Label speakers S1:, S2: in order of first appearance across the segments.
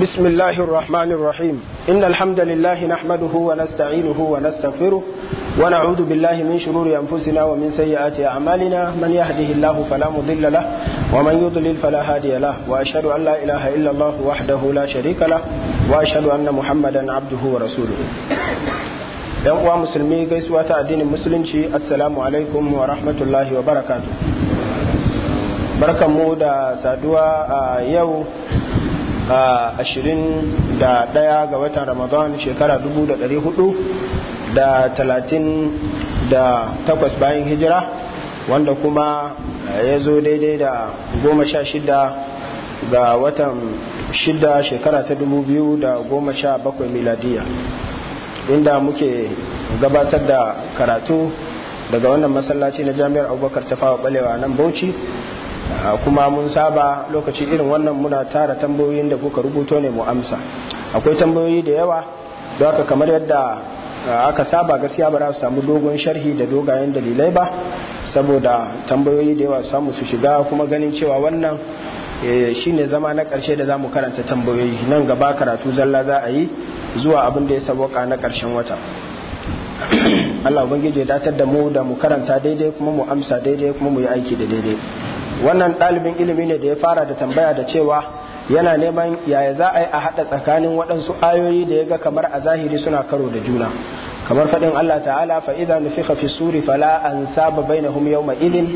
S1: بسم الله الرحمن الرحيم إن الحمد لله نحمده ونستعينه ونستغفره ونعوذ بالله من شرور أنفسنا ومن سيئات أعمالنا من يهده الله فلا مضل له ومن يضلل فلا هادي له وأشهد أن لا إله إلا الله وحده لا شريك له وأشهد أن محمدا عبده ورسوله yan uwa musulmi gaisuwa ta addinin musulunci assalamu alaikum wa rahmatullahi wa barakatuh barkanmu da saduwa a yau ashirin da ɗaya ga watan ramadan shekara dubu ɗari hudu da talatin da takwas bayan hijira wanda kuma ya zo daidai da goma sha ga watan shida shekara ta dubu da goma sha bakwai miladiya inda muke gabatar da karatu daga wannan masallaci na jami'ar abubakar ta fawa balewa nan bauchi Ah, kuma mun saba lokaci irin wannan muna tara tambayoyin da kuka rubuto ne mu amsa akwai tambayoyi da yawa don haka kamar yadda ah, aka saba gaskiya ba za su samu dogon sharhi da dogayen dalilai ba saboda tambayoyi da yawa samu su shiga kuma ganin cewa wannan eh, shine zama na karshe da zamu karanta tambayoyi nan gaba karatu zalla za a yi zuwa abin da ya saboka na karshen wata Allah ubangiji ya datar da mu da mu karanta daidai kuma mu amsa daidai kuma mu yi aiki da daidai wannan ɗalibin ilimi ne da ya fara da tambaya da cewa yana neman yaya za a yi a haɗa tsakanin waɗansu ayoyi da ya ga kamar a zahiri suna karo da juna kamar faɗin Allah ta'ala fa idza nufikha fi suri fala ansaba bainahum yawma ilin,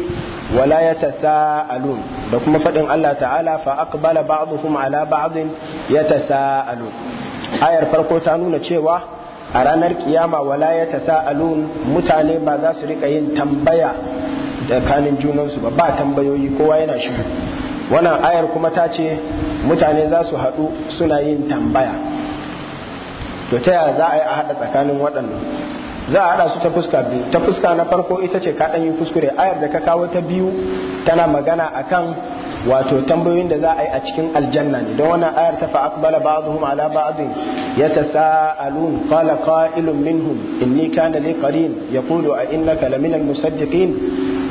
S1: wala yatasaalun da kuma faɗin Allah ta'ala fa aqbala ba'dhum ala ba'din yatasaalun ayar farko ta nuna cewa a ranar kiyama wala yatasaalun mutane ba za su rika yin tambaya tsakanin junansu ba ba tambayoyi kowa yana shigo wannan ayar kuma ta ce mutane za su haɗu suna yin tambaya to ta yaya za a yi a haɗa tsakanin waɗannan za a haɗa su ta fuska biyu ta fuska na farko ita ce kaɗan yi kuskure ayar da ka kawo ta biyu tana magana akan wato tambayoyin da za a yi a cikin aljanna ne don wannan ayar ta fa'aqbala ba'dhum ala ya yatasaalun qala qa'ilun minhum inni kana li yaqulu a innaka laminal musaddiqin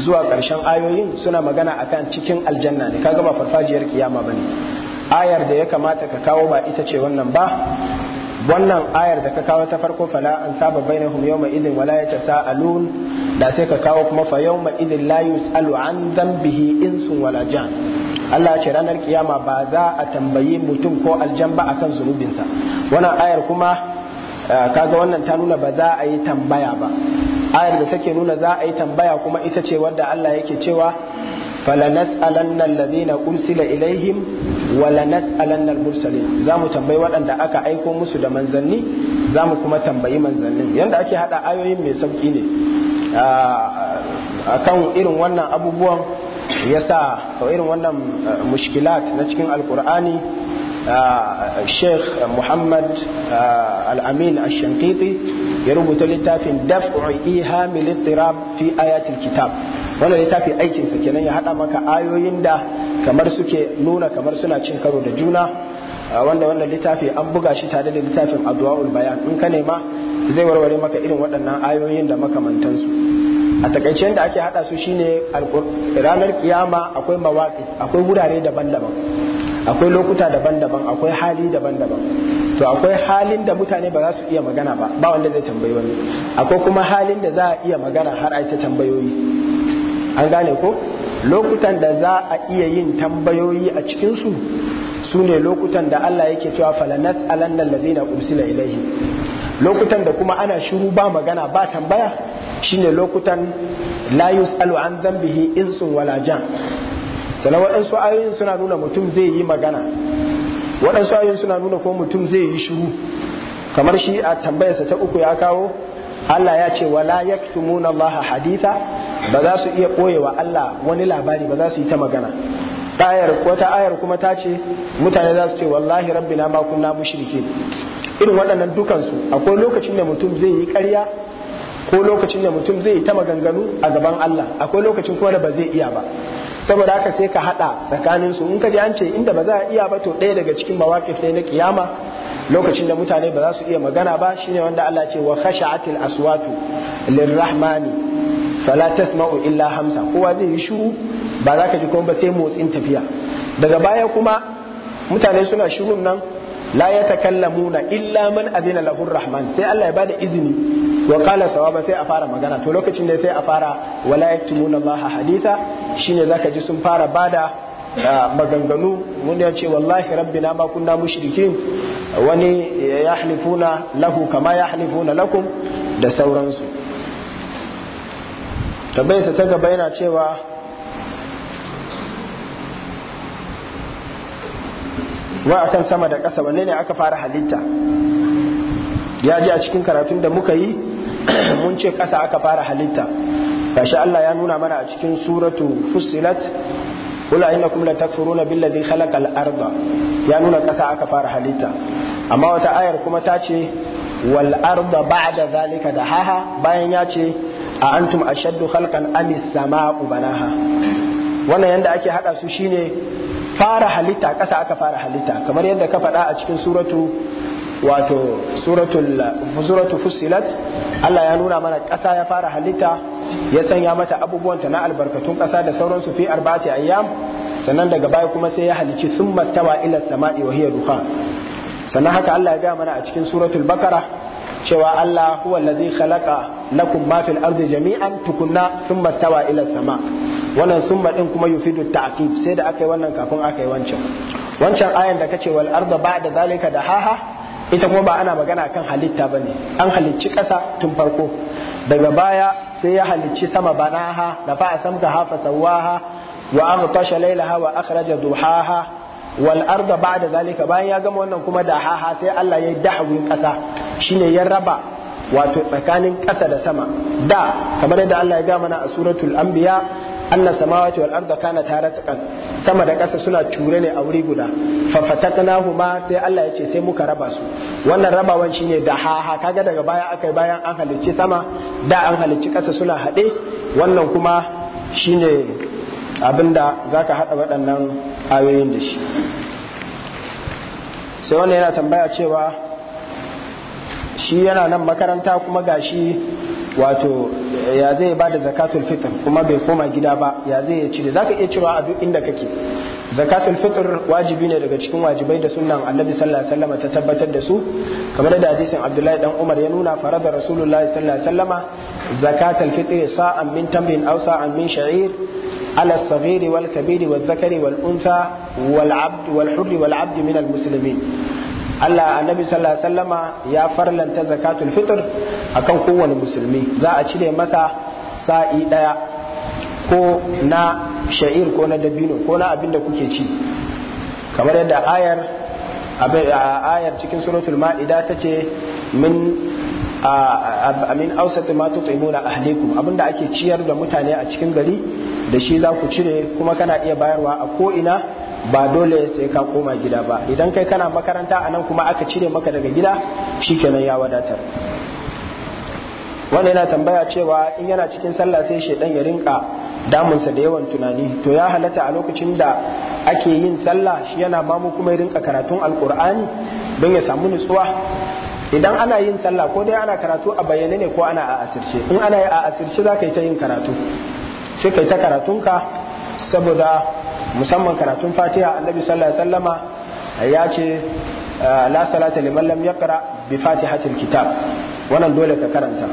S1: zuwa ƙarshen ayoyin suna magana akan cikin aljanna ne kaga ba farfajiyar kiyama bane ayar da ya kamata ka kawo ba ita ce wannan ba wannan ayar da ka kawo ta farko fala an saba bainahum yawma idin wala yatasaalun da sai ka kawo kuma fa yawma idin la yusalu an dhanbihi sun wala jan Allah ce ranar kiyama ba za a tambayi mutum ko aljan ba akan zunubinsa wannan ayar kuma eh, kaga wannan ta nuna ba za a yi tambaya ba ayar da take nuna za a yi tambaya kuma ita ce wadda Allah yake cewa falanas'alanna alladhina ursila ilaihim wa lanas'alanna al-mursalin zamu tambayi waɗanda aka aiko musu da manzanni zamu kuma tambayi manzannin yanda ake haɗa ayoyin mai sauki ne A kan irin wannan abubuwan yasa irin wannan eh, mushkilat na cikin alkur'ani sheikh muhammad al'amin ashankiti ya rubuta littafin daf'u iha littirab fi ayatul kitab wannan littafi aikinsa kenan ya haɗa maka ayoyin da kamar suke nuna kamar suna cin karo da juna wanda wannan littafi an buga shi tare da littafin addu'a'ul bayan in ka nema zai warware maka irin waɗannan ayoyin da makamantansu a takaice da ake haɗa su shine ranar kiyama akwai mawaƙi akwai wurare daban-daban akwai lokuta daban-daban akwai hali daban-daban to akwai halin da mutane ba za su iya magana ba ba wanda zai tambayi wani akwai kuma halin da za a iya magana har a ta tambayoyi an gane ko lokutan da za a iya yin tambayoyi a cikinsu su ne lokutan da Allah yake cewa falanas alannan lazina ursila ilaihi lokutan da kuma ana shiru ba magana ba tambaya shine lokutan la yus'alu an dhanbihi insun wala jan sannan waɗansu ayoyin suna nuna mutum zai yi magana waɗansu ayoyin suna nuna ko mutum zai yi shiru kamar shi a tambayarsa ta uku ya kawo Allah ya ce wala yaktumuna Allah haditha ba za su iya wa Allah wani labari ba za su yi ta magana ayar wata ayar kuma ta ce mutane za su ce wallahi rabbina ma kunna mushrike irin waɗannan dukansu akwai lokacin da mutum zai yi ƙarya ko lokacin da mutum zai yi ta maganganu a gaban Allah akwai lokacin kuma da ba zai iya ba saboda aka sai ka hada tsakanin su in ka ji an ce inda ba za a iya ba to ɗaya daga cikin mawaqif ne na kiyama lokacin da mutane ba za su iya magana ba shine wanda Allah ce wa atil aswatu lirrahmani fala tasma'u illa hamsa kowa zai yi shiru ba za ka ji kuma ba sai motsin tafiya daga baya kuma mutane suna shirun nan la yatakallamuna illa man azina lahu rahman sai Allah ya bada izini wa qala sawaba sai a fara magana to lokacin da sai a fara wala yaktumuna Allah haditha shine zaka ji sun fara bada maganganu mun ya ce wallahi rabbina ma kunna mushrikin wani ya halifuna lahu kama ya halifuna lakum da sauransu tabbayarsa ta gaba yana cewa wa akan sama da ƙasa wanne ne aka fara halitta ya ji a cikin karatun da muka yi mun ce ƙasa aka fara halitta gashi Allah ya nuna mana a cikin suratu fussilat قل انكم لتكفرون بالذي خلق الارض ya nuna kasa aka fara halitta amma wata ayar kuma ta ce wal arda ba'da zalika da haha bayan ya ce a antum ashaddu khalqan am as-sama'u banaha wannan yanda ake hada su shine fara halitta kasa aka fara halitta kamar yadda ka faɗa a cikin suratu wato suratu fusilat Allah ya nuna mana ƙasa ya fara halitta ya sanya mata abubuwanta na albarkatun ƙasa da sauransu fi arba'ati ayyam sannan daga baya kuma sai ya halici sun mastawa ila sama'i wa hiya dukhan sannan haka Allah ya ga mana a cikin suratul bakara cewa Allah huwa allazi khalaqa lakum ma fil ardi jami'an tukunna sun mastawa ila sama wannan summa din kuma yufidu ta'qib sai da aka yi wannan kafin aka yi wancan wancan ayan da kace wal arda ba'da zalika da haha ita kuma ba ana magana kan halitta bane an halicci ƙasa tun farko daga baya sai ya halicci sama banaha da fa a ha fa sawaha wa aghtasha laylaha wa akhraja duhaha wal arda ba'da zalika bayan ya gama wannan kuma da haha sai Allah ya dahwin ƙasa shine ya raba wato tsakanin ƙasa da sama da kamar yadda Allah ya ga mana a suratul anbiya anna samawati wal arda kana taratqan sama da ƙasa suna ture ne a wuri guda fa ma sai Allah ya ce sai muka raba su wannan rabawan shine da ha ha kaga daga baya akai bayan an halicci sama da an halicci ƙasa suna haɗe wannan kuma shine abinda zaka haɗa waɗannan ayoyin da shi sai wannan yana tambaya cewa shi yana nan makaranta kuma gashi wato ya zai ba da zakatul fitr kuma bai koma gida ba ya zai ya cire zaka iya cirewa a duk inda kake zakatul fitr wajibi ne daga cikin wajibai da sunnan annabi sallallahu alaihi wasallam ta tabbatar da su kamar da hadisin abdullahi dan umar ya nuna farada rasulullahi sallallahu alaihi wasallam zakatul fitr sa'an min tamrin aw sa'an min sha'ir على الصغير والكبير والذكر والأنثى والعبد والحر والعبد من المسلمين Allah annabi sallallahu alaihi wasallama ya farlanta zakatul fitr akan kowane musulmi za a cire masa sa'i daya ko na sha'ir ko na dabino ko na abinda kuke ci kamar yadda ayar ayar cikin suratul ma'ida ta ce min amin ausatu ma tut'imuna ahlikum abinda ake ciyar da mutane a cikin gari da shi za ku cire kuma kana iya bayarwa a ko ina ba dole sai ka koma gida ba idan kai kana makaranta a nan kuma aka cire maka daga gida shi shikenan ya wadatar wanda yana tambaya cewa in yana cikin sallah sai shedan ya rinka damunsa da yawan tunani to ya halatta a lokacin da ake yin sallah shi yana mamu kuma ya rinka karatun alkur'ani don ya samu nutsuwa idan ana yin sallah ko dai ana karatu a bayyane ne ko ana a asirce in ana a asirce za ka yi ta yin karatu sai ka yi ta karatunka saboda musamman karatun fatiha annabi sallallahu alaihi wasallama ya ce ah, la salata liman lam yaqra bi fatihatil kitab wannan dole ka karanta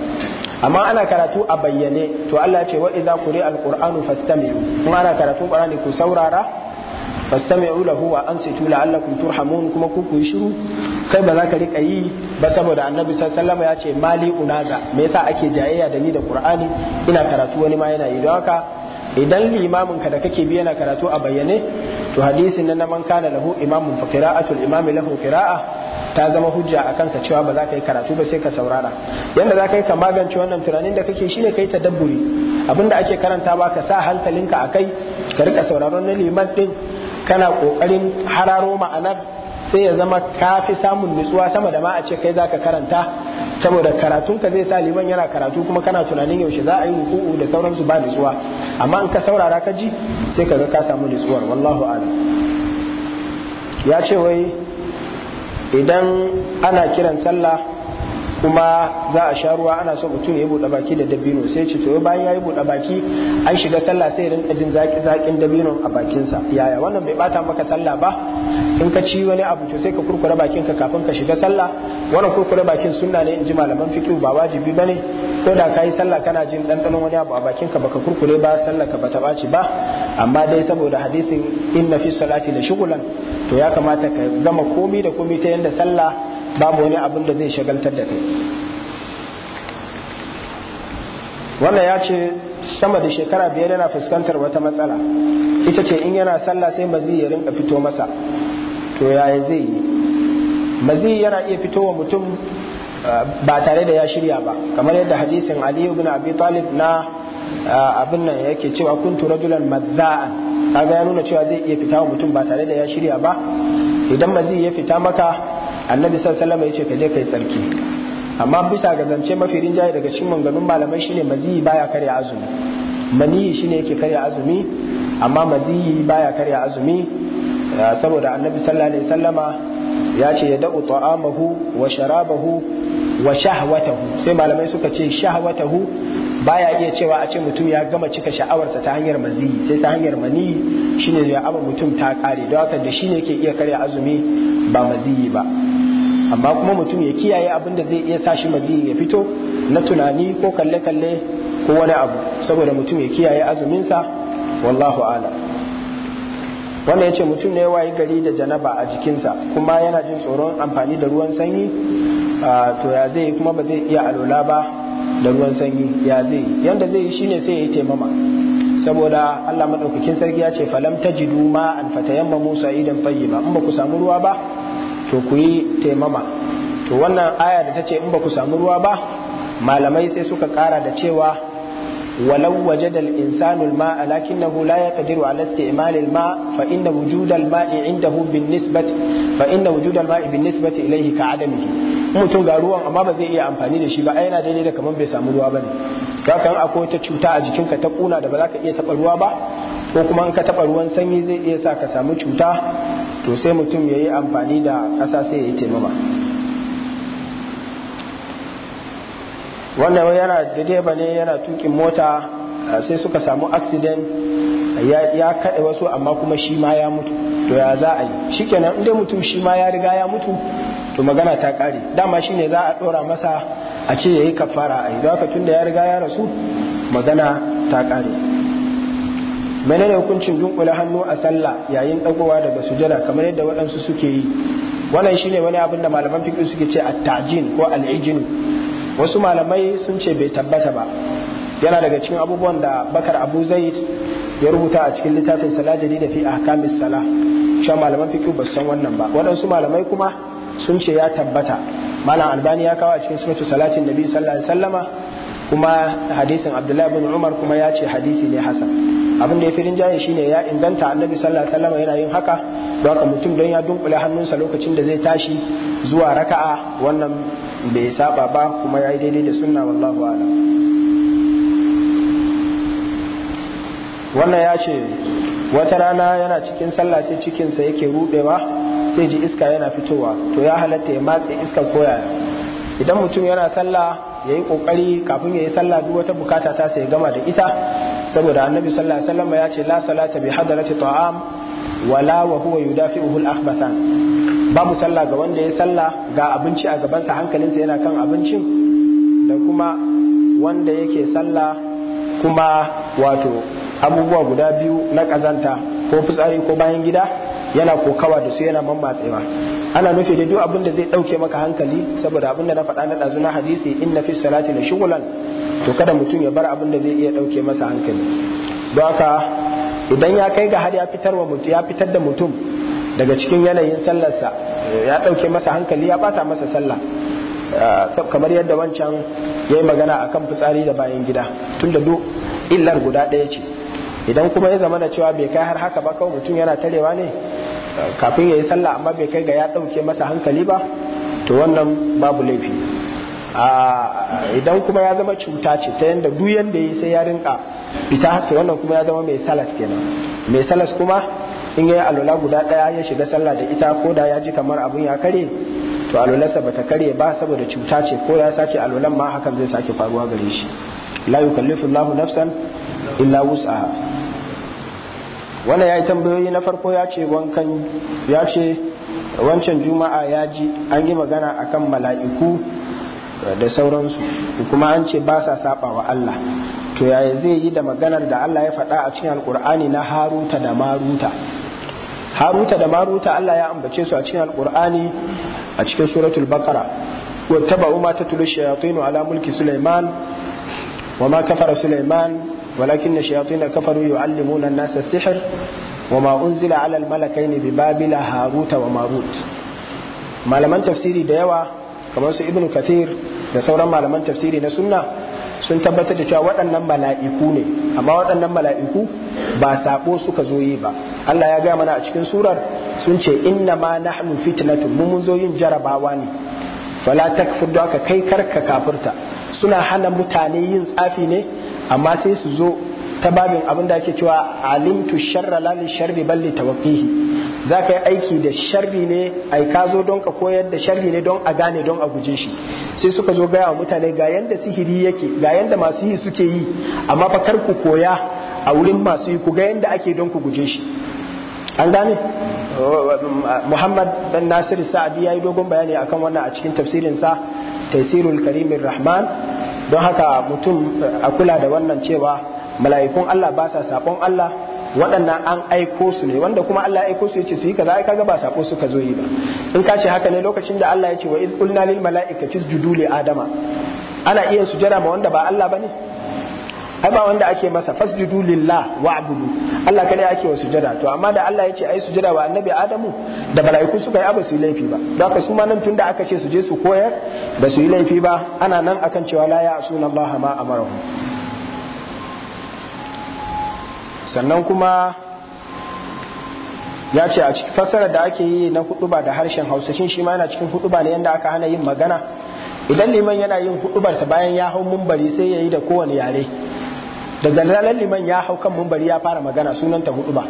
S1: amma ana karatu a bayyane to Allah ya ce wa idza quri'a alqur'anu fastami'u kuma ana karatu qur'ani ku saurara fastami'u lahu wa ansitu la'allakum turhamun kuma ku ku shiru kai ba za ka rika yi ba saboda annabi sallallahu ya ce mali unaza me yasa ake jayayya da ni da qur'ani ina karatu wani ma yana yi don haka idan limamin ka da kake bi yana karatu a bayyane to hadisin nan man kana lahu imamun fa qira'atul imami lahu qira'a ta zama hujja a kansa cewa ba za ka yi karatu ba sai ka saurara yanda za ka yi ka magance wannan tunanin da kake shine kai ta tadabburi abinda ake karanta ba ka sa hankalinka akai ka rika sauraron na liman din kana kokarin hararo ma'anar sai ya zama ka fi samun nutsuwa sama da ma a ce kai zaka karanta saboda karatun ka zai sa liman yana karatu kuma kana tunanin yaushe za a yi ruku'u da sauransu ba nutsuwa amma in ka saurara ka ji sai ka ga ka samu nutsuwar wallahu a'lam ya ce wai idan ana kiran sallah kuma za a sha ruwa ana so mutum ya buɗe baki da dabino sai ce to bayan ya yi buɗe baki an shiga sallah sai rinka jin zaƙin dabino a bakinsa yaya wannan bai bata maka sallah ba in ka ci wani abu to sai ka kurkure bakin ka kafin ka shiga sallah wannan kurkure bakin sunna ne in ji malaman fiqh ba wajibi bane ko da kai sallah kana jin dandanon wani abu a bakin ka baka kurkure ba sallah ka bata baci ba amma dai saboda hadisin inna fi salati la shughlan to ya kamata ka gama komi da komi ta yanda sallah babu wani abin da zai shagaltar da kai wannan ya ce sama da shekara biyar yana fuskantar wata matsala ita ce in yana sallah sai mazi ya rinka fito masa to yaya zai yi zai yana iya fitowa mutum ah, ba tare da ya shirya ba kamar yadda hadisin Ali ibn Abi Talib na ah, abin nan yake cewa kuntu rajulan mazaan. kaga ya nuna cewa zai iya fita wa mutum ba tare da ya shirya ba idan zai ya fita maka annabi sallallahu ya ce ka je kai tsarki amma bisa ga zance mafi rinjaye daga cikin manganun malamai shine maziyi baya karya azumi maniyi shine yake karya azumi amma maziyi baya karya azumi Ah, saboda annabi sallallahu alaihi sallama ya ce ya da'u ta'amahu wa sharabahu wa shahwatahu sai malamai suka ce shahwatahu baya iya cewa a ce mutum ya gama cika sha'awarsa ta hanyar maziyi sai ta hanyar mani shine zai abu mutum ta kare don haka da shine yake iya karya azumi ba maziyi ba amma kuma mutum ya kiyaye abin da zai iya sa shi maziyi ya fito na tunani ko kalle-kalle ko wani abu saboda mutum ya kiyaye azuminsa wallahu a'lam wanda ya ce mutum ne wayi gari da janaba a jikinsa kuma yana jin tsoron amfani da ruwan sanyi to ya zai kuma ba zai iya alola ba da ruwan sanyi ya zai yanda zai yi shine sai ya yi taimama saboda Allah madaukakin sarki ya ce falam tajidu ma an yamma Musa idan ba in ba ku samu ruwa ba to ku yi taimama to wannan aya da ta ce in ba ku samu ruwa ba malamai sai suka kara da cewa ولو وجد الإنسان الماء لكنه لا يقدر على استعمال الماء فإن وجود الماء عنده بالنسبة فإن وجود الماء بالنسبة إليه كعدمه mutum ga ruwan amma ba zai iya amfani da shi ba ai yana daidai da kamar bai samu ruwa bane ka kan akwai wata cuta a jikinka ta kuna da ba za ka iya taba ruwa ba ko kuma in ka taba ruwan sanyi zai iya sa ka samu cuta to sai mutum yayi amfani da ƙasa sai ya yi taimama wannan yana da direba ne yana tukin mota sai suka samu accident ya kaɗe wasu amma kuma shi ma ya mutu to ya za a yi shi nan inda mutum shi ma ya riga ya mutu to magana ta ƙare dama ne za a ɗora masa a ce ya yayi kafara a yi don haka da ya riga ya rasu magana ta ƙare menene hukuncin dunkule hannu a sallah yayin ɗagowa daga sujada kamar yadda waɗansu suke yi wannan shine wani abin da malaman fiqh suke ce a tajin ko al wasu malamai sun ce bai tabbata ba yana daga cikin abubuwan da bakar abu zaid ya rubuta a cikin littafin salajadi da fi kamis sala cewa malaman fiqh ba san wannan ba waɗansu malamai kuma sun ce ya tabbata malam albani ya kawo a cikin sunatu salatin nabi sallallahu alaihi sallama kuma hadisin abdullahi bin umar kuma ya ce hadisi ne hasan abin da ya fi rinjaye ne ya inganta annabi sallallahu alaihi sallama yana yin haka don mutum don ya dunkule hannunsa lokacin da zai tashi zuwa raka'a wannan bai saba ba kuma ya yi daidai da sunna wallahu ala wannan ya ce wata rana yana cikin sallah sai cikinsa yake rudewa sai ji iska yana fitowa to ya halatta ya matse ko yaya. idan mutum yana sallah ya yi kokari kafin ya yi sallah duk wata bukata ta sai gama da ita saboda annabi sallah Sallama ya ce la salata bi hadarati ta'am wala wa huwa uhul akhbasan babu sallah ga wanda ya sallah ga abinci a gabansa hankalinsa yana kan abincin da kuma wanda yake sallah kuma wato abubuwa guda biyu na kazanta ko fitsari ko bayan gida yana kokawa da su yana mammatsewa ana nufi da duk abin da zai dauke maka hankali saboda abin da na faɗa na ɗazu na hadisi inna fi salati na shugulan to kada mutum ya bar abin da zai iya dauke masa hankali don haka idan ya kai ga har ya fitar da mutum daga cikin yanayin sallarsa eh, ya ɗauke masa hankali ya ɓata masa sallah ah, kamar yadda wancan ya yi magana a kan fitsari da bayan gida tun da duk illar guda ɗaya ce idan kuma ya zama da cewa bai kai har haka ba kawai mutum yana tarewa ne ah, kafin ya yi sallah amma bai kai ga ya ɗauke masa hankali ba to wannan babu laifi ah, idan kuma ya zama cuta ce ta yadda duk yadda ya yi sai ya rinka fita haka wannan kuma ya zama mai salas kenan mai salas kuma in ya yi alula guda ɗaya ya shiga sallah da ita ko da ya ji kamar abin ya kare to alularsa ba ta kare ba saboda cuta ce ko ya sake alulan ma hakan zai sake faruwa gare shi la yukallifu Allahu nafsan illa wus'aha wannan yayi tambayoyi na farko ya ce wankan ya ce wancan juma'a ya ji an yi magana akan mala'iku da sauransu kuma an ce ba sa saba Allah to yaya zai yi da maganar da Allah ya faɗa a cikin alkur'ani na haruta da maruta haruta da maruta Allah ya ambace su a cikin alkur'ani a cikin suratul baqara wa tabu ma tatlu shayatin ala mulki sulaiman wa ma kafara sulaiman walakin shayatin kafaru yuallimuna an-nasa as-sihr wa ma unzila ala al-malakaini bi babila haruta wa marut malaman tafsiri da yawa kamar su ibnu kathir da sauran malaman tafsiri na sunna sun tabbatar da cewa waɗannan mala'iku ne amma waɗannan mala'iku ba sabo suka zo yi ba Allah ya gaya mana a cikin surar sun ce inna ma nahnu fitnatun mu mun zo yin jarabawa ne fala takfur da ka kai karka kafurta suna hana mutane yin tsafi ne amma sai su zo ta babin abin da ake cewa alimtu sharra la li sharri balli tawqihi za ka yi aiki da sharri ne ai ka zo don ka koyar da sharri ne don a gane don a guje shi sai suka zo gaya wa mutane ga yanda sihiri yake ga yanda masu yi suke yi amma fa kar ku koya a wurin masu yi ku ga yadda ake don ku guje shi an gane Muhammad dan Nasir Sa'adi yi dogon bayani akan wannan a cikin tafsirin sa Tafsirul Karimir Rahman don haka mutum a kula da wannan cewa mala'ikun Allah ba sa sakon Allah waɗannan an aiko su ne wanda kuma Allah ya aiko su yace su yi kaza ai kaga ba sako suka zo yi ba in ka ce haka ne lokacin da Allah ya ce wa iz qulna lil mala'ikati isjudu li adama ana iya sujada ma wanda ba Allah bane ai ba wanda ake masa fasjudu lillah wa'adudu Allah kada ake wa sujada to amma da Allah yace ai sujada wa annabi Adamu da mala'iku suka yi abu su yi laifi ba don haka su ma nan tunda aka ce su je su koyar ba su yi laifi ba ana nan akan cewa la ya asuna Allah ma amarahu sannan kuma ya ce a cikin fassarar da ake yi na huduba da harshen Hausa shin shi ma yana cikin huduba ne yanda aka hana yin magana idan liman yana yin hudubarsa bayan ya hau mumbari sai ya yi da kowane yare daga ranar liman ya hau kan mumbari ya fara magana sunanta hudu ba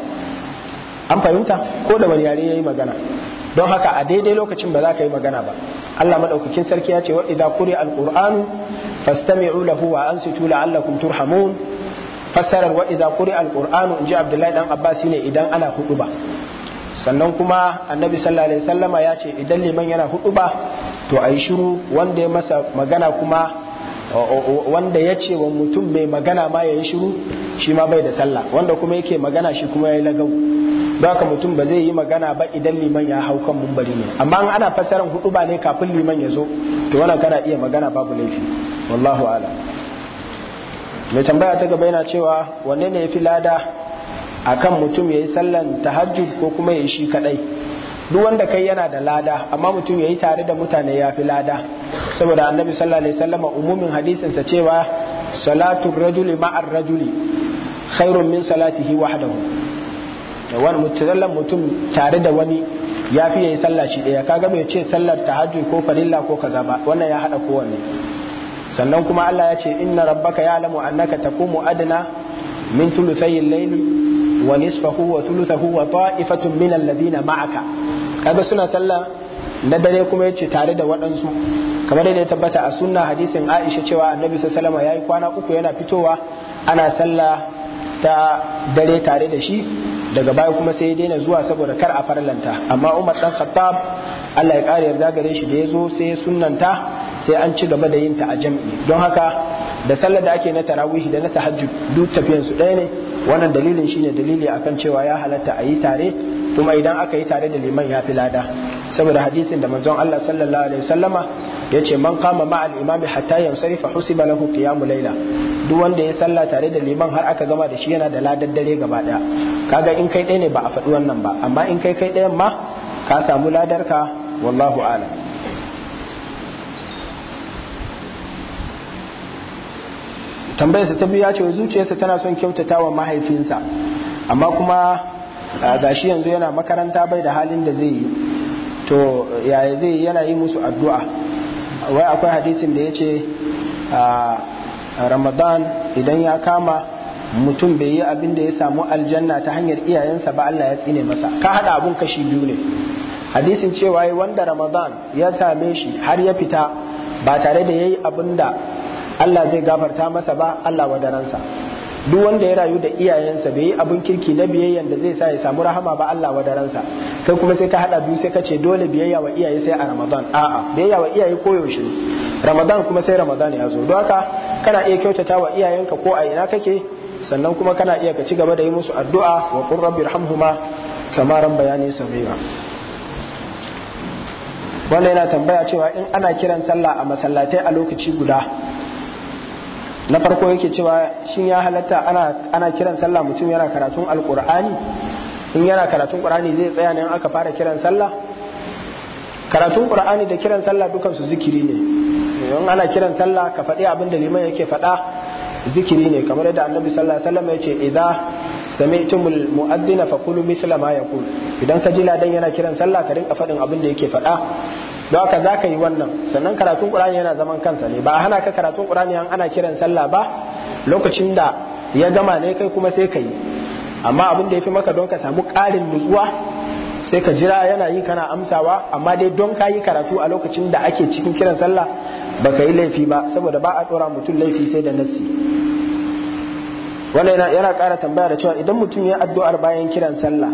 S1: an fahimta ko da wani yare ya yi magana don haka a daidai lokacin ba za ka yi magana ba Allah maɗaukakin sarki ya ce wa idza quri alqur'anu fastami'u lahu wa ansitu la'allakum turhamun fassarar wa'iza kuri alƙur'anu in inji Abdullahi dan Abbas ne idan ana huɗuba. sannan kuma annabi sallallahu alaihi wasallama ya ce idan liman yana ba to ayi shiru wanda ya masa magana kuma wanda ya ce wa mutum mai magana ma ya yi shiru shi ma bai da sallah wanda kuma yake magana shi kuma ya yi lagau haka mutum ba zai yi magana ba idan liman ya hau kan mumbari ne amma in ana fassarar hudu ba ne kafin liman ya zo to wannan kana iya magana babu laifi wallahu ala mai tambaya ta gaba yana cewa wanne ne ya fi lada akan mutum ya yi sallan tahajjud ko kuma ya yi shi kadai duk wanda kai yana da lada amma mutum ya yi tare da mutane ya fi lada saboda annabi sallallahu alaihi wasallam umumin hadisinsa cewa salatu rajuli ma'ar rajuli khairun min salatihi wahdahu da wani mutum mutum tare da wani ya fi yayi sallah shi daya kaga bai ce sallar tahajjud ko farilla ko kaza ba wannan ya hada kowanne sannan kuma Allah ya ce inna rabbaka ya'lamu annaka taqumu adna min thuluthayi al-layli wa nisfahu wa thuluthahu wa ta'ifatun min alladhina ma'aka kaga suna sallah na dare kuma yace tare da waɗansu kamar yadda ya tabbata a sunna hadisin Aisha cewa Annabi sallallahu alaihi yayi kwana uku yana fitowa ana sallah ta dare tare da shi daga baya kuma sai ya daina zuwa saboda kar a farlanta amma Umar dan Khattab Allah ya kare yarda gare shi da ya zo sai ya sunnanta sai an ci gaba da yin ta a jam'i don haka da sallar da ake na tarawih da na tahajjud duk tafiyan ɗaya ne wannan dalilin shine dalili akan cewa ya halatta a yi tare kuma idan aka yi tare da liman ya fi lada saboda hadisin da manzon Allah sallallahu alaihi wasallama ya ce man kama ma al imami hatta yansarifa husiba lahu qiyamul laila duk wanda ya salla tare da liman har aka gama da shi yana da ladar dare gaba daya kaga in kai ɗaya ne ba a faɗi wannan ba amma in kai kai ɗayan ma ka samu ladarka wallahu a'lam tambayarsa ta biyu ya ce zuciyarsa tana son kyautatawa mahaifinsa amma kuma gashi yanzu yana makaranta bai da halin da zai yi to yaya zai yana yi musu addu'a wai akwai hadisin da ya ce ramadan idan ya kama mutum bai yi abin da ya samu aljanna ta hanyar iyayensa ba Allah ya tsine masa ka haɗa abun kashi biyu ne hadisin cewa wanda ramadan ya same shi har ya fita ba tare da ya yi abin da Allah zai gafarta masa ba Allah wadaransa duk wanda ya rayu da iyayensa bai yi abin kirki na biyayyan da zai sa ya samu rahama ba Allah wadaransa kai kuma sai ka hada biyu sai ka ce dole biyayya wa iyaye sai a Ramadan a'a biyayya wa iyaye yaushe. Ramadan kuma sai Ramadan ya zo don haka kana iya kyautata wa iyayenka ko a ina kake sannan kuma kana iya ka ci gaba da yi musu addu'a wa qur rabbi irhamhuma kama ran bayani sabira wanda yana tambaya cewa in ana kiran sallah a masallatai a lokaci guda na farko yake cewa shin ya halatta ana kiran sallah mutum yana karatun alkur'ani in yana karatun qur'ani zai tsaya ne aka fara kiran sallah karatun qur'ani da kiran sallah dukan su zikiri ne in ana kiran sallah ka faɗi abin da liman yake faɗa zikiri ne kamar yadda annabi sallallahu alaihi wasallam yace idza sami'tumul mu'adhdhina faqulu misla ma yaqul idan ka ji ladan yana kiran sallah ka rinka faɗin abin da yake faɗa don haka za ka yi wannan sannan karatun ƙurani yana zaman kansa ne ba hana ka karatun ƙurani an ana kiran sallah ba lokacin da ya gama ne kai kuma sai ka yi amma abin da ya fi maka don ka samu ƙarin nutsuwa sai ka jira yana yi kana amsawa amma dai don ka yi karatu a lokacin da ake cikin kiran sallah ba ka yi laifi ba saboda ba a ɗora mutum laifi sai da nassi wannan yana ƙara tambaya da cewa idan mutum ya addu'ar bayan kiran sallah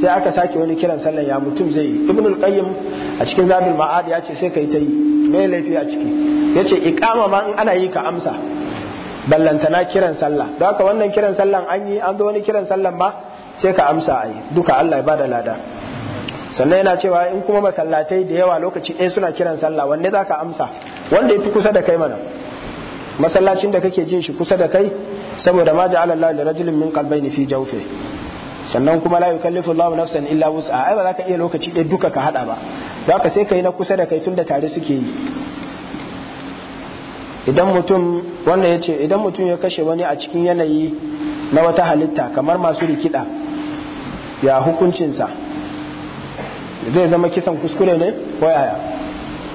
S1: sai aka sake wani kiran sallah ya mutum zai yi ibn qayyim a cikin zabin ma'ad ya ce sai kai ta yi me laifi a ciki Ya ce ikama ma in ana yi ka amsa ballantana kiran sallah don haka wannan kiran sallah, an yi an zo wani kiran sallah ba sai ka amsa a yi duka Allah ya bada lada sannan yana cewa in kuma masallatai da yawa lokaci ɗaya suna kiran sallah wanne za ka amsa wanda ya fi kusa da kai mana masallacin da kake jin shi kusa da kai saboda ma ja'ala Allah li rajulin min qalbayni fi jawfi sannan kuma la yukallifu Allahu nafsan illa wus'a ai ba za ka iya lokaci ɗaya duka ka hada ba za ka sai ka yi na kusa da kai tun da tare suke yi idan mutum wannan ya ce idan mutum ya kashe wani a cikin yanayi na wata halitta kamar masu rikida ya hukuncinsa zai zama kisan kuskure ne ko yaya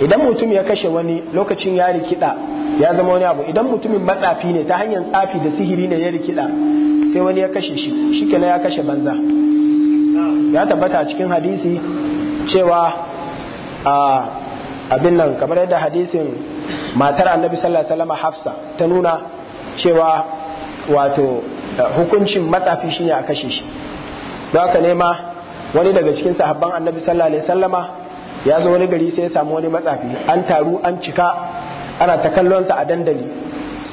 S1: idan mutum ya kashe wani lokacin ya rikida ya zama wani abu idan mutumin matsafi ne ta hanyar tsafi da sihiri ne ya rikida sai wani ya kashe shi na ya kashe banza ya tabbata a cikin hadisi cewa a abin nan kamar yadda hadisin matar annabi sallallahu alaihi wasallam hafsa ta nuna cewa wato eh, hukuncin matsafi shine a kashe shi don haka ne wani daga cikin sahabban annabi sallallahu alaihi wasallam ya zo wani gari sai ya samu wani matsafi an taru an cika ana ta kallonsa a dandali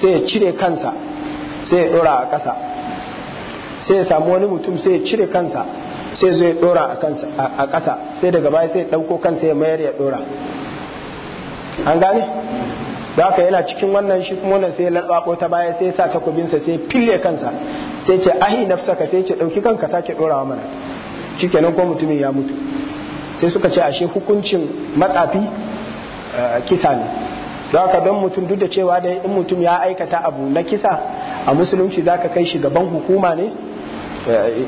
S1: sai ya cire kansa sai ya dora a ƙasa sai ya samu wani mutum sai ya cire kansa sai zai dora a ƙasa sai daga baya sai ɗauko kansa ya mayar ya dora an gane da haka yana cikin wannan shi kuma wannan sai ya ta baya sai ya sa takobinsa sai fille kansa sai ce ahi nafsaka sai ce ɗauki kanka sake ɗorawa mana shikenan ko mutumin ya mutu sai suka ce ashe hukuncin matsafi eh, kisa ne don haka don mutum duk da cewa da in mutum ya aikata abu na kisa a musulunci zaka kai shi gaban hukuma ne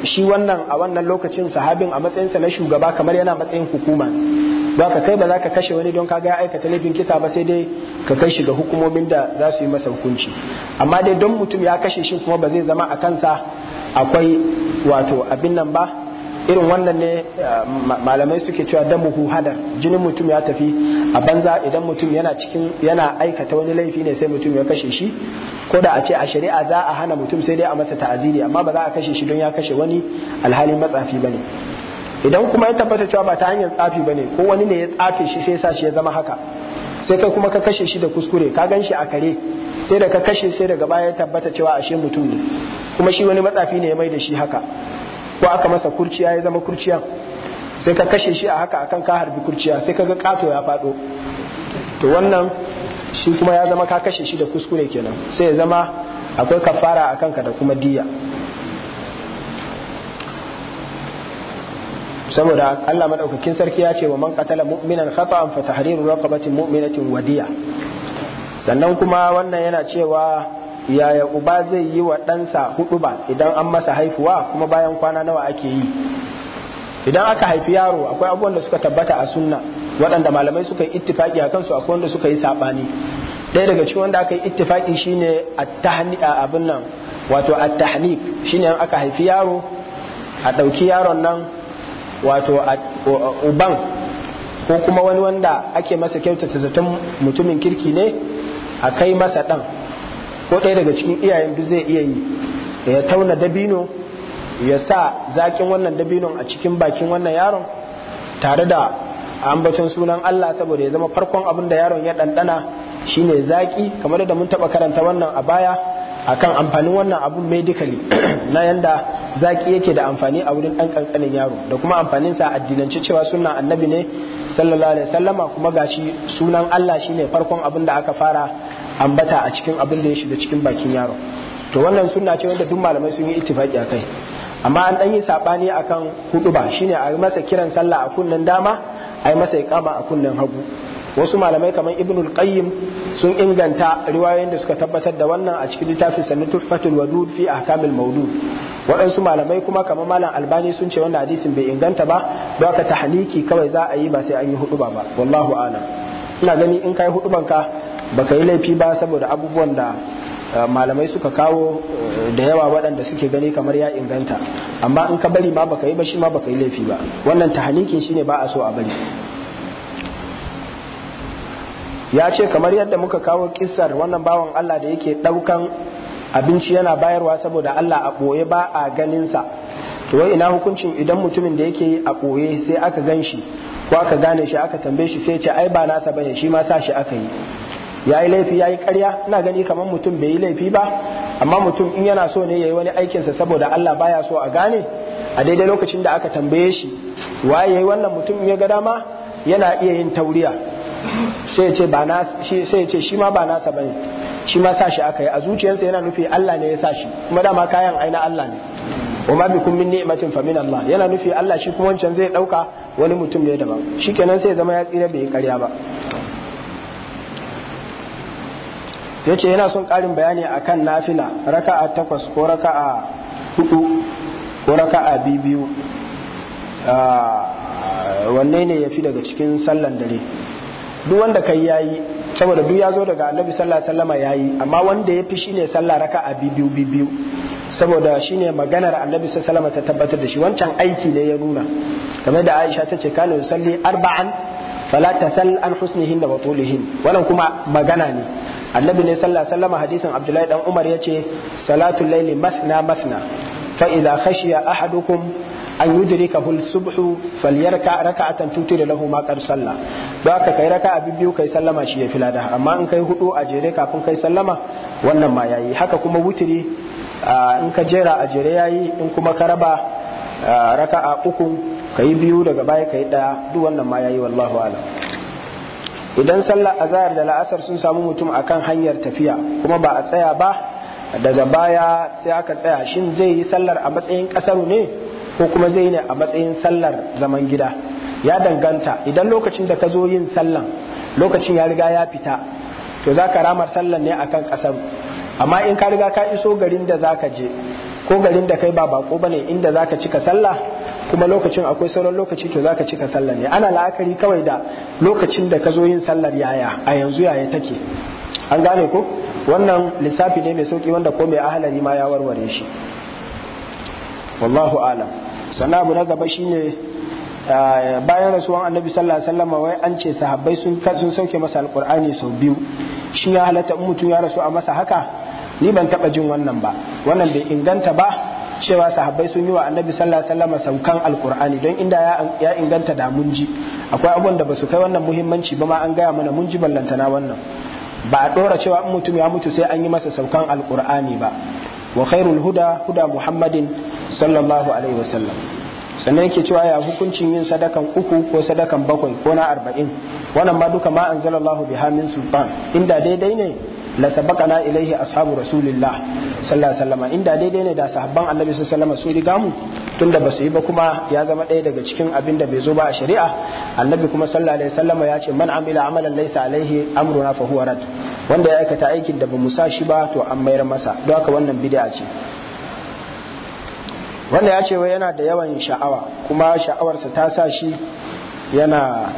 S1: shi wannan a wannan lokacin sahabin a matsayinsa na shugaba kamar yana matsayin hukuma ba ka kai ba za ka kashe wani don ka ga aikata laifin kisa ba sai dai ka kai shi ga hukumomin da za su yi masa hukunci amma dai don mutum ya kashe shi kuma ba zai zama a kansa akwai wato abin nan ba irin wannan ne malamai suke cewa muhu hadar jinin mutum ya tafi a banza idan mutum yana cikin yana aikata wani laifi ne sai mutum ya kashe shi ko da a ce a shari'a za a hana mutum sai dai a masa ta'aziri amma ba za a kashe shi don ya kashe wani alhali matsafi bane idan kuma ya tabbata cewa ba ta hanyar tsafi bane ko wani ne ya tsafe shi sai sa shi ya zama haka sai kai kuma ka kashe shi da kuskure ka gan shi a kare sai da ka kashe sai daga baya ya tabbata cewa ashe mutum ne kuma shi wani matsafi ne ya mai da shi haka ko aka masa kurciya ya zama kurciya sai ka kashe shi a haka akan ka harbi kurciya sai ka ga kato ya faɗo to wannan shi kuma ya zama ka kashe shi da kuskure kenan sai ya zama akwai kafara a kanka da kuma diya saboda Allah madaukakin sarki ya ce wa man qatala mu'minan khata'an fa tahriru raqabatin mu'minatin wadiya sannan kuma wannan yana cewa yaya uba zai yi wa ɗansa hudu ba idan an masa haifuwa kuma bayan kwana nawa ake yi idan aka haifi yaro akwai abubuwan da suka tabbata a suna waɗanda malamai suka yi ittifaki a kansu akwai wanda suka yi saɓani ɗaya daga cikin wanda aka yi ittifaki shine a abin nan wato a shine an aka haifi yaro a ɗauki yaron nan wato uban ko kuma wani wanda ake masa kyautata zaton mutumin kirki ne a kai masa ɗan ko ɗaya daga cikin iyayen duk zai iya yi ya tauna dabino ya sa zaƙin wannan dabinon a cikin bakin wannan yaron tare da ambaton sunan Allah saboda ya zama farkon abin da yaron ya ɗanɗana shine zaƙi kamar da mun taɓa karanta wannan a baya akan amfanin wannan abun medically na yanda zaƙi yake da amfani a wurin ɗan ƙanƙanin yaro da kuma amfanin sa addinance cewa sunan annabi ne sallallahu alaihi wasallama kuma gashi sunan Allah shine farkon abin da aka fara ambata a cikin abin da ya shiga cikin bakin yaro to wannan suna ce wanda duk malamai sun yi ittifaki a kai amma an dan yi sabani akan hudu ba shine a yi masa kiran sallah a kunnen dama a yi masa iqama a kunnen hagu wasu malamai kamar ibnul qayyim sun inganta riwayoyin da suka tabbatar da wannan a cikin littafin sanatul fatul wadud fi ahkamil mawdud waɗansu malamai kuma kamar malam albani sun ce wannan hadisin bai inganta ba don haka tahniki kawai za a yi ba sai an yi hudu ba ba wallahu a'lam ina gani in kai hudu ka. baka yi laifi ba saboda abubuwan da eh, malamai suka kawo eh, da yawa waɗanda suke gani kamar ya inganta amma in ka bari ma baka yi ba shi ma baka yi laifi ba wannan ta tahanikin shine ba a so a bari ya ce kamar yadda muka kawo kisar wannan bawan Allah da yake ɗaukan abinci yana bayarwa saboda Allah a ɓoye ba a ganinsa to wai ina hukuncin idan mutumin da yake a ɓoye sai aka gan shi ko aka gane shi aka tambaye shi sai ce ai ba nasa bane shi ma sa shi aka yi ya yi laifi ya yi karya ina gani kamar mutum bai yi laifi ba amma mutum in yana so ne ya yi wani aikinsa saboda Allah baya so a gane a daidai lokacin da aka tambaye shi waye ya yi wannan mutum ya ga dama yana iya yin tauriya sai ya ce shi ma ba nasa bane shi ma sa shi aka yi a zuciyarsa yana nufi Allah ne ya sa shi kuma dama kayan aina Allah ne wa ma bikum min ni'matin fa min Allah yana nufi Allah shi kuma wancan zai dauka wani mutum ne daban shikenan sai ya zama ya tsira bai yi karya ba ya ce yana son ƙarin bayani a kan nafila raka a takwas ko raka a hudu ko raka a biyu ah, wanne ne ya fi daga cikin sallan dare duk wanda kai yayi saboda duk ya zo daga annabi sallar sallama ya yayi amma wanda ya fi shine sallah raka a biyu biyu saboda shine maganar annabi sallama ta tabbatar da shi wancan aiki ne ya nuna kamar da Aisha ta ce kana salli arba'an fala tasal an husnihin da tulihin wannan kuma magana ne annabi ne sallallahu alaihi wasallam hadisin abdullahi dan umar yace salatul Laili masna masna fa idza khashiya ahadukum an yudrika hul subhu falyarka raka'atan tutira lahu ma qad salla don haka kai raka'a biyu kai sallama shi ya filada amma in kai hudu a jere kafin kai sallama wannan ma yayi haka kuma wutiri in ka jera a jere yayi in kuma ka raba raka'a uku kai biyu daga baya kai daya duk wannan ma yayi wallahu a'lam idan sallar azahar da la'asar sun samu mutum akan hanyar tafiya kuma ba a tsaya ba daga baya sai aka tsaya shin zai yi sallar a matsayin kasaru ne ko kuma zai yi ne a matsayin sallar zaman gida ya danganta idan lokacin da ka zo yin sallan lokacin ya riga ya fita to za ka ramar sallar ne akan kasaru amma in ka riga ka iso garin da za ka je ko garin da kai ba bako ba ne inda za ka cika sallah kuma lokacin akwai sauran lokaci to zaka cika sallar ne ana la'akari kawai da lokacin da ka zo yin sallar yaya a yanzu yaya take an gane ko wannan lissafi ne mai sauki wanda ko mai ahalari ma ya warware shi wallahu alam sannan abu na gaba shine eh, bayan rasuwan annabi sallallahu alaihi wasallam wai an ce sahabbai sun sun sauke masa alqur'ani sau biyu shi ya halatta in mutum ya rasu a masa haka ni ban taba jin wannan ba wannan bai inganta ba cewa sahabbai sun yi wa annabi sallallahu alaihi wasallam saukan alqur'ani don inda ya inganta da mun ji akwai abun da basu kai wannan muhimmanci ba ma an gaya mana mun ji ballantana wannan ba a dora cewa in mutum ya mutu sai an yi masa saukan alqur'ani ba wa khairul huda huda muhammadin sallallahu alaihi wasallam sannan yake cewa ya hukuncin yin sadakan uku ko sadakan bakwai ko na arba'in wannan ma duka ma anzalallahu biha min sultan inda daidai ne la sabaqana ilaihi ashabu rasulillah sallallahu alaihi wasallam inda daidai ne da sahabban annabi sallallahu alaihi wasallam su riga mu tunda ba su yi ba kuma ya zama ɗaya daga cikin abin da bai zo ba a shari'a annabi kuma sallallahu alaihi wasallam ya ce man amila amalan laysa alaihi amruna fa huwa rad wanda ya aikata aikin da ba mu sa shi ba to an mayar masa don haka wannan bid'a ce wanda ya ce wai yana da yawan sha'awa kuma sha'awarsa ta sa shi yana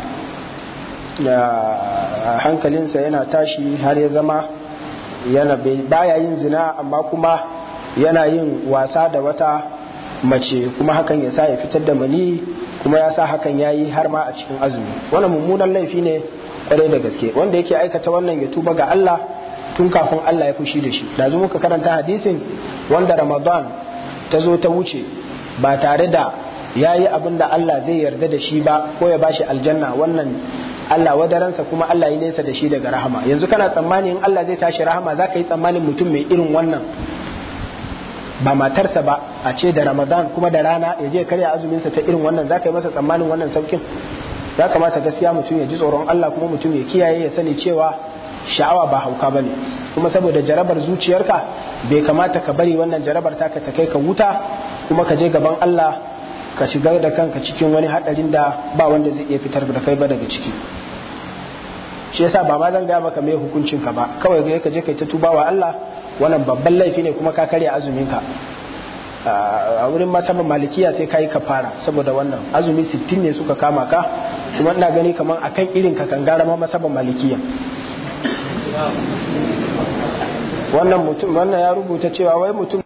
S1: hankalinsa yana tashi har ya zama yana baya yin zina amma kuma yana yin wasa da wata mace kuma hakan ya sa ya fitar da mani kuma ya sa hakan ya yi har ma a cikin azumi wannan mummunan laifi ne kwarai da gaske wanda yake aikata wannan ya tuba ga Allah tun kafin Allah ya fushi da shi da muka karanta hadisin wanda Ramadan ta zo ta wuce ba tare da ya yi abin da Allah zai yarda da shi ba ko ya bashi aljanna wannan Allah wadaransa kuma Allah ya nesa da shi daga rahama yanzu kana tsammani in Allah zai tashi rahama za ka yi tsammanin mutum mai irin wannan ba matarsa ba a ce da Ramadan kuma da rana ya je karya azumin sa ta irin wannan za ka yi masa tsammanin wannan saukin ya kamata gaskiya mutum ya ji tsoron Allah kuma mutum ya kiyaye ya sani cewa sha'awa ba hauka ba ne kuma saboda jarabar zuciyarka bai kamata ka bari wannan jarabar ta ta kai ka wuta kuma ka je gaban Allah ka shigar da kanka cikin wani hadarin da ba wanda zai iya fitar da kai ba daga ciki shi yasa ba ma zan gaya maka mai hukuncin ka ba kawai ga ka je kai ta tuba wa Allah wannan babban laifi ne kuma ka karya azumin ka a wurin masaba malikiya sai ka kafara saboda wannan azumi 60 ne suka kama ka kuma ina gani kaman akan irin ka kan gara ma malikiya wannan mutum wannan ya rubuta cewa wai mutum